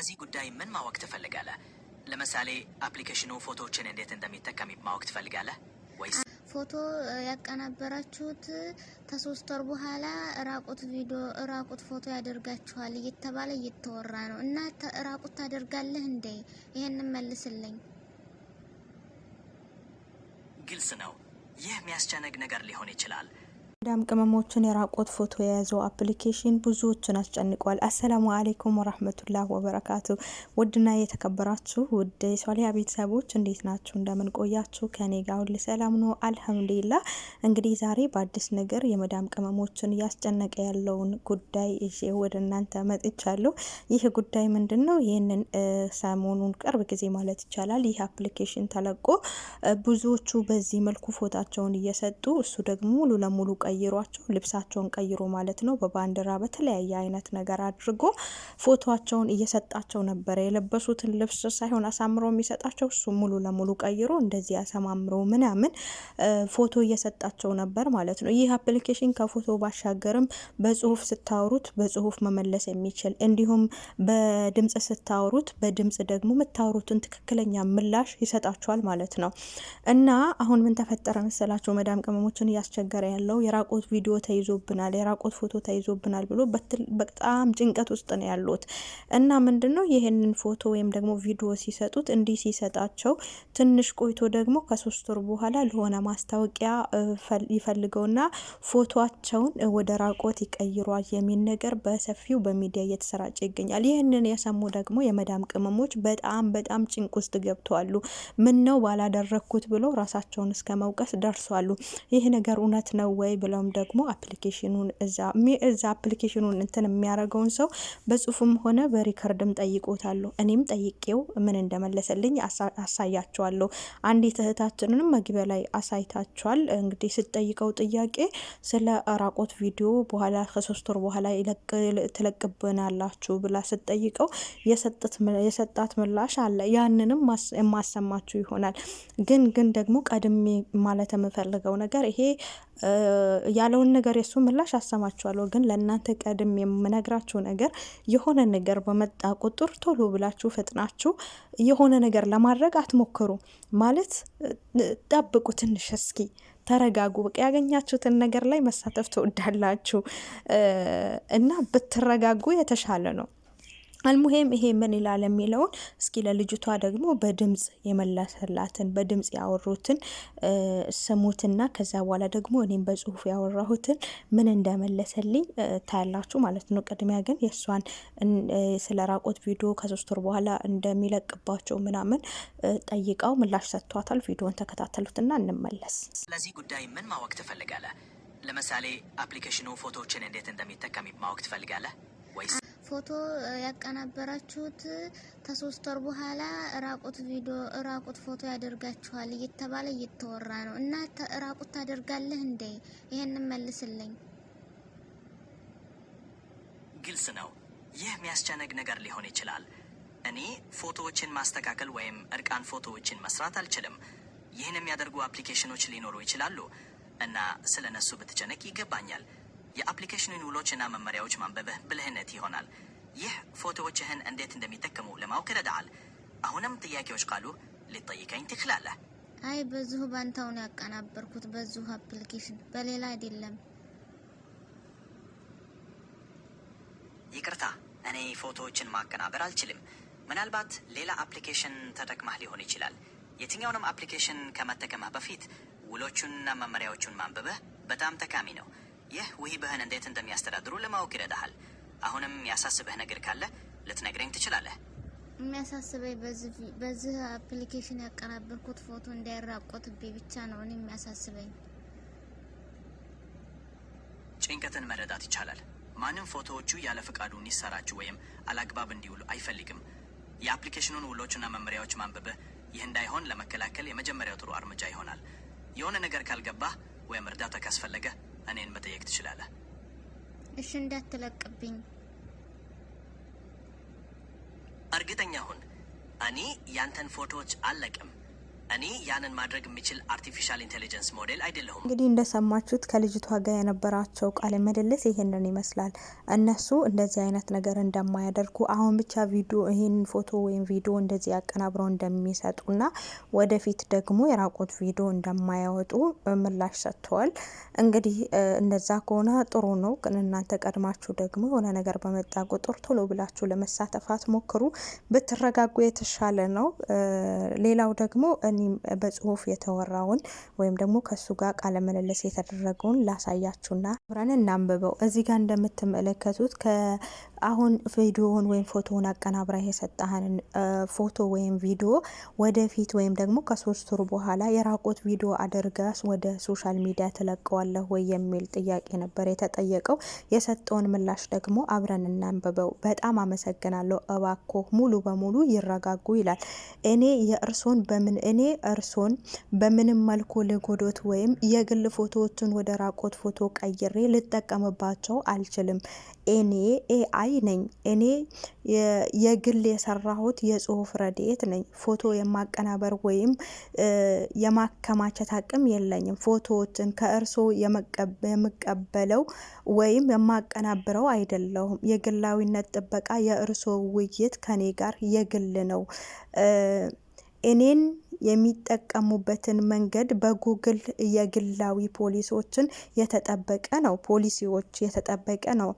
ስለዚህ ጉዳይ ምን ማወቅ ትፈልጋለህ? ለምሳሌ አፕሊኬሽኑ ፎቶዎችን እንዴት እንደሚጠቀም ማወቅ ትፈልጋለህ ወይስ ፎቶ ያቀናበራችሁት ከሶስት ወር በኋላ ራቁት ቪዲዮ ራቁት ፎቶ ያደርጋችኋል እየተባለ እየተወራ ነው እና ራቁት ታደርጋለህ እንዴ? ይሄን መልስልኝ። ግልጽ ነው። ይህ የሚያስጨነቅ ነገር ሊሆን ይችላል። ቅመዳም ቅመሞችን የራቆት ፎቶ የያዘው አፕሊኬሽን ብዙዎችን አስጨንቋል። አሰላሙ አሌይኩም ወራህመቱላህ ወበረካቱ። ውድና የተከበራችሁ ውድ የሶሊያ ቤተሰቦች እንዴት ናችሁ? እንደምን ቆያችሁ? ከኔ ጋር ሁሉ ሰላም ነው አልሐምዱሊላ። እንግዲህ ዛሬ በአዲስ ነገር የመዳም ቅመሞችን እያስጨነቀ ያለውን ጉዳይ ይዤ ወደ እናንተ መጥቻለሁ። ይህ ጉዳይ ምንድን ነው? ይህንን ሰሞኑን ቅርብ ጊዜ ማለት ይቻላል ይህ አፕሊኬሽን ተለቆ ብዙዎቹ በዚህ መልኩ ፎታቸውን እየሰጡ እሱ ደግሞ ሙሉ ለሙሉ ቀይሯቸው ልብሳቸውን ቀይሮ ማለት ነው በባንዲራ በተለያየ አይነት ነገር አድርጎ ፎቶቸውን እየሰጣቸው ነበረ። የለበሱትን ልብስ ሳይሆን አሳምሮ የሚሰጣቸው እሱ ሙሉ ለሙሉ ቀይሮ እንደዚህ ያሰማምሮ ምናምን ፎቶ እየሰጣቸው ነበር ማለት ነው። ይህ አፕሊኬሽን ከፎቶ ባሻገርም በጽሁፍ ስታወሩት በጽሁፍ መመለስ የሚችል እንዲሁም በድምጽ ስታወሩት በድምጽ ደግሞ የምታወሩትን ትክክለኛ ምላሽ ይሰጣችኋል ማለት ነው። እና አሁን ምን ተፈጠረ መሰላቸው መዳም ቅመሞችን እያስቸገረ ያለው የራቆት ቪዲዮ ተይዞብናል፣ የራቆት ፎቶ ተይዞብናል ብሎ በጣም ጭንቀት ውስጥ ነው ያሉት እና ምንድን ነው ይህንን ፎቶ ወይም ደግሞ ቪዲዮ ሲሰጡት እንዲህ ሲሰጣቸው ትንሽ ቆይቶ ደግሞ ከሶስት ወር በኋላ ለሆነ ማስታወቂያ ይፈልገውና ፎቶቸውን ወደ ራቆት ይቀይሯል የሚል ነገር በሰፊው በሚዲያ እየተሰራጨ ይገኛል። ይህንን የሰሙ ደግሞ የመዳም ቅመሞች በጣም በጣም ጭንቅ ውስጥ ገብተዋሉ። ምን ነው ባላደረግኩት ብሎ ራሳቸውን እስከ መውቀስ ደርሷሉ። ይህ ነገር እውነት ነው ወይ? ብለውም ደግሞ አፕሊኬሽኑን እዛ አፕሊኬሽኑን እንትን የሚያደርገውን ሰው በጽሁፍም ሆነ በሪከርድም ጠይቆታሉ። እኔም ጠይቄው ምን እንደመለሰልኝ አሳያችኋለሁ። አንዲት እህታችንንም መግቢያ ላይ አሳይታችኋል። እንግዲህ ስጠይቀው ጥያቄ ስለ ራቆት ቪዲዮ በኋላ ከሶስት ወር በኋላ ትለቅብናላችሁ ብላ ስጠይቀው የሰጣት ምላሽ አለ። ያንንም የማሰማችሁ ይሆናል። ግን ግን ደግሞ ቀድሜ ማለት የምፈልገው ነገር ይሄ ያለውን ነገር የሱ ምላሽ አሰማችኋለሁ። ግን ለእናንተ ቀድም የምነግራችሁ ነገር የሆነ ነገር በመጣ ቁጥር ቶሎ ብላችሁ ፈጥናችሁ የሆነ ነገር ለማድረግ አትሞክሩ። ማለት ጠብቁ ትንሽ እስኪ ተረጋጉ። በቃ ያገኛችሁትን ነገር ላይ መሳተፍ ትወዳላችሁ እና ብትረጋጉ የተሻለ ነው። አልሙሄም ይሄ ምን ይላል የሚለውን እስኪ ለልጅቷ ደግሞ በድምፅ የመለሰላትን በድምፅ ያወሩትን ስሙትና ከዛ በኋላ ደግሞ እኔም በጽሁፍ ያወራሁትን ምን እንደመለሰልኝ ታያላችሁ ማለት ነው። ቅድሚያ ግን የእሷን ስለ ራቆት ቪዲዮ ከሶስት ወር በኋላ እንደሚለቅባቸው ምናምን ጠይቀው ምላሽ ሰጥቷታል። ቪዲዮን ተከታተሉትና እንመለስ። ስለዚህ ጉዳይ ምን ማወቅ ትፈልጋለህ? ለምሳሌ አፕሊኬሽኑ ፎቶዎችን እንዴት እንደሚጠቀም ማወቅ ትፈልጋለህ? ፎቶ ያቀናበራችሁት ከሶስት ወር በኋላ ራቁት ቪዲዮ ራቁት ፎቶ ያደርጋችኋል እየተባለ እየተወራ ነው። እና ራቁት ታደርጋለህ እንዴ? ይሄንን መልስልኝ። ግልጽ ነው። ይህ የሚያስጨነቅ ነገር ሊሆን ይችላል። እኔ ፎቶዎችን ማስተካከል ወይም እርቃን ፎቶዎችን መስራት አልችልም። ይህን የሚያደርጉ አፕሊኬሽኖች ሊኖሩ ይችላሉ እና ስለ ነሱ ብትጨነቅ ይገባኛል። የአፕሊኬሽንን ውሎችና መመሪያዎች ማንበብህ ብልህነት ይሆናል። ይህ ፎቶዎችህን እንዴት እንደሚጠቀሙ ለማወቅ ይረዳሃል። አሁንም ጥያቄዎች ካሉ ልጠይቀኝ ትችላለህ። አይ በዚሁ ባንታውን ያቀናበርኩት በዚሁ አፕሊኬሽን በሌላ አይደለም። ይቅርታ፣ እኔ ፎቶዎችን ማቀናበር አልችልም። ምናልባት ሌላ አፕሊኬሽን ተጠቅማህ ሊሆን ይችላል። የትኛውንም አፕሊኬሽን ከመጠቀምህ በፊት ውሎቹንና መመሪያዎቹን ማንበብህ በጣም ጠቃሚ ነው። ይህ ውሂብህን እንዴት እንደሚያስተዳድሩ ለማወቅ ይረዳሃል። አሁንም ያሳስበህ ነገር ካለ ልትነግረኝ ትችላለህ። የሚያሳስበኝ በዚህ አፕሊኬሽን ያቀናበርኩት ፎቶ እንዳይራቆትብኝ ብቻ ነው እኔ የሚያሳስበኝ። ጭንቀትን መረዳት ይቻላል። ማንም ፎቶዎቹ ያለ ፈቃዱ እንዲሰራጩ ወይም አላግባብ እንዲውሉ አይፈልግም። የአፕሊኬሽኑን ውሎችና መመሪያዎች ማንበብህ ይህ እንዳይሆን ለመከላከል የመጀመሪያው ጥሩ እርምጃ ይሆናል። የሆነ ነገር ካልገባህ ወይም እርዳታ ካስፈለገ እኔን መጠየቅ ትችላለህ። እሺ፣ እንዳትለቅብኝ። እርግጠኛ ሁን፣ እኔ ያንተን ፎቶዎች አለቅም። እኔ ያንን ማድረግ የሚችል አርቲፊሻል ኢንቴሊጀንስ ሞዴል አይደለሁም። እንግዲህ እንደሰማችሁት ከልጅቷ ጋር የነበራቸው ቃለ ምልልስ ይህንን ይመስላል። እነሱ እንደዚህ አይነት ነገር እንደማያደርጉ አሁን ብቻ ቪዲዮ ይህን ፎቶ ወይም ቪዲዮ እንደዚህ አቀናብረው እንደሚሰጡና ወደፊት ደግሞ የራቆት ቪዲዮ እንደማያወጡ ምላሽ ሰጥተዋል። እንግዲህ እንደዛ ከሆነ ጥሩ ነው፣ ግን እናንተ ቀድማችሁ ደግሞ የሆነ ነገር በመጣ ቁጥር ቶሎ ብላችሁ ለመሳተፍ አትሞክሩ። ብትረጋጉ የተሻለ ነው። ሌላው ደግሞ በጽሁፍ የተወራውን ወይም ደግሞ ከሱ ጋር ቃለ ምልልስ የተደረገውን ላሳያችሁና አብረን እናንብበው። እዚህ ጋር እንደምትመለከቱት አሁን ቪዲዮውን ወይም ፎቶውን አቀናብራ የሰጠህንን ፎቶ ወይም ቪዲዮ ወደፊት ወይም ደግሞ ከሶስት ወር በኋላ የራቆት ቪዲዮ አድርጋስ ወደ ሶሻል ሚዲያ ትለቀዋለህ ወይ የሚል ጥያቄ ነበር የተጠየቀው። የሰጠውን ምላሽ ደግሞ አብረን እናንብበው። በጣም አመሰግናለሁ፣ እባኮ ሙሉ በሙሉ ይረጋጉ ይላል። እኔ የእርሶን በምን እኔ እርሶን በምንም መልኩ ልጎዶት ወይም የግል ፎቶዎችን ወደ ራቆት ፎቶ ቀይሬ ልጠቀምባቸው አልችልም። እኔ ኤአይ ነኝ። እኔ የግል የሰራሁት የጽሁፍ ረድኤት ነኝ። ፎቶ የማቀናበር ወይም የማከማቸት አቅም የለኝም። ፎቶዎችን ከእርሶ የምቀበለው ወይም የማቀናብረው አይደለሁም። የግላዊነት ጥበቃ የእርሶ ውይይት ከኔ ጋር የግል ነው። እኔን የሚጠቀሙበትን መንገድ በጉግል የግላዊ ፖሊሶችን የተጠበቀ ነው። ፖሊሲዎች የተጠበቀ ነው።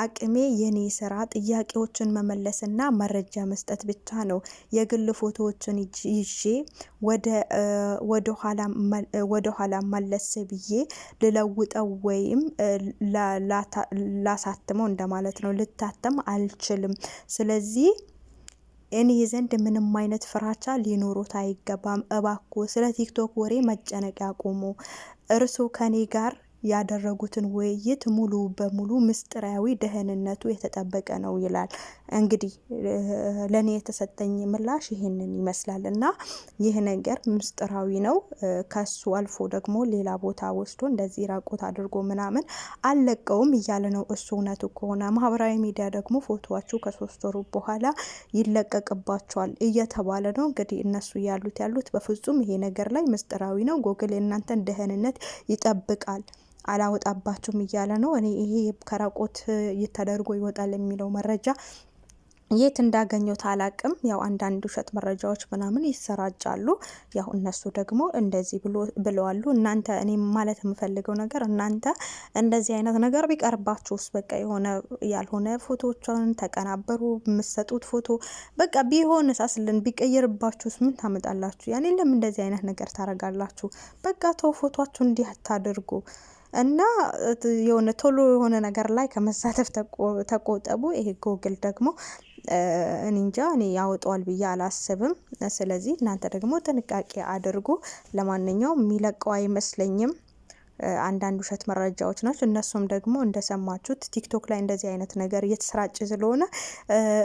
አቅሜ የኔ ስራ ጥያቄዎችን መመለስና መረጃ መስጠት ብቻ ነው። የግል ፎቶዎችን ይዤ ወደ ኋላ መለስ ብዬ ልለውጠው ወይም ላሳትመው እንደማለት ነው። ልታተም አልችልም። ስለዚህ እኔ ዘንድ ምንም አይነት ፍራቻ ሊኖሮት አይገባም። እባኮ ስለ ቲክቶክ ወሬ መጨነቅ ያቁሙ። እርሱ ከኔ ጋር ያደረጉትን ውይይት ሙሉ በሙሉ ምስጢራዊ ደህንነቱ የተጠበቀ ነው ይላል። እንግዲህ ለእኔ የተሰጠኝ ምላሽ ይህንን ይመስላል እና ይህ ነገር ምስጢራዊ ነው። ከሱ አልፎ ደግሞ ሌላ ቦታ ወስዶ እንደዚህ ራቆት አድርጎ ምናምን አልለቀውም እያለ ነው እሱ። እውነቱ ከሆነ ማህበራዊ ሚዲያ ደግሞ ፎቶዋችሁ ከሶስት ወሩ በኋላ ይለቀቅባቸዋል እየተባለ ነው። እንግዲህ እነሱ ያሉት ያሉት በፍጹም ይሄ ነገር ላይ ምስጢራዊ ነው፣ ጎግል የእናንተን ደህንነት ይጠብቃል። አላወጣባችሁም እያለ ነው። እኔ ይሄ ከራቆት ተደርጎ ይወጣል የሚለው መረጃ የት እንዳገኘው ታላቅም ያው አንዳንድ ውሸት መረጃዎች ምናምን ይሰራጫሉ። ያው እነሱ ደግሞ እንደዚህ ብለዋሉ። እናንተ እኔ ማለት የምፈልገው ነገር እናንተ እንደዚህ አይነት ነገር ውስጥ በቃ የሆነ ያልሆነ ፎቶዎችን ተቀናበሩ የምሰጡት ፎቶ በቃ ቢሆን ሳስልን ውስጥ ምን ታመጣላችሁ? ያኔ ለምን እንደዚህ አይነት ነገር ታረጋላችሁ? በቃ ተው ፎቶችሁ እንዲህ አታድርጉ። እና የሆነ ቶሎ የሆነ ነገር ላይ ከመሳተፍ ተቆጠቡ። ይሄ ጎግል ደግሞ እኔ እንጃ እኔ ያወጣዋል ብዬ አላስብም። ስለዚህ እናንተ ደግሞ ጥንቃቄ አድርጉ። ለማንኛውም የሚለቀው አይመስለኝም። አንዳንድ ውሸት መረጃዎች ናቸው። እነሱም ደግሞ እንደሰማችሁት ቲክቶክ ላይ እንደዚህ አይነት ነገር እየተሰራጭ ስለሆነ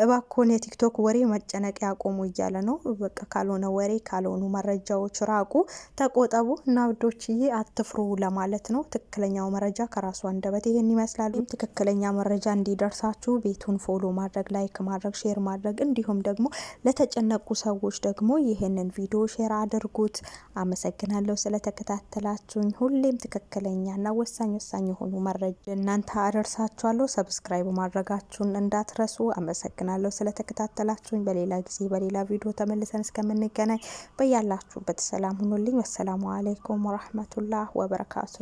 እባኮን የቲክቶክ ወሬ መጨነቅ ያቆሙ እያለ ነው። በቃ ካልሆነ ወሬ ካልሆኑ መረጃዎች ራቁ፣ ተቆጠቡ እና ውዶችዬ አትፍሩ ለማለት ነው። ትክክለኛው መረጃ ከራሱ አንደበት ይሄን ይመስላሉ። ትክክለኛ መረጃ እንዲደርሳችሁ ቤቱን ፎሎ ማድረግ፣ ላይክ ማድረግ፣ ሼር ማድረግ እንዲሁም ደግሞ ለተጨነቁ ሰዎች ደግሞ ይህንን ቪዲዮ ሼር አድርጉት። አመሰግናለሁ ስለተከታተላችሁኝ ሁሌም ትክክለኛ እና ወሳኝ ወሳኝ የሆኑ መረጃ እናንተ አደርሳችኋለሁ። ሰብስክራይብ ማድረጋችሁን እንዳትረሱ። አመሰግናለሁ ስለተከታተላችሁኝ። በሌላ ጊዜ በሌላ ቪዲዮ ተመልሰን እስከምንገናኝ በያላችሁበት ሰላም ሁኑልኝ። ወሰላሙ አሌይኩም ወረህመቱላህ ወበረካቱ።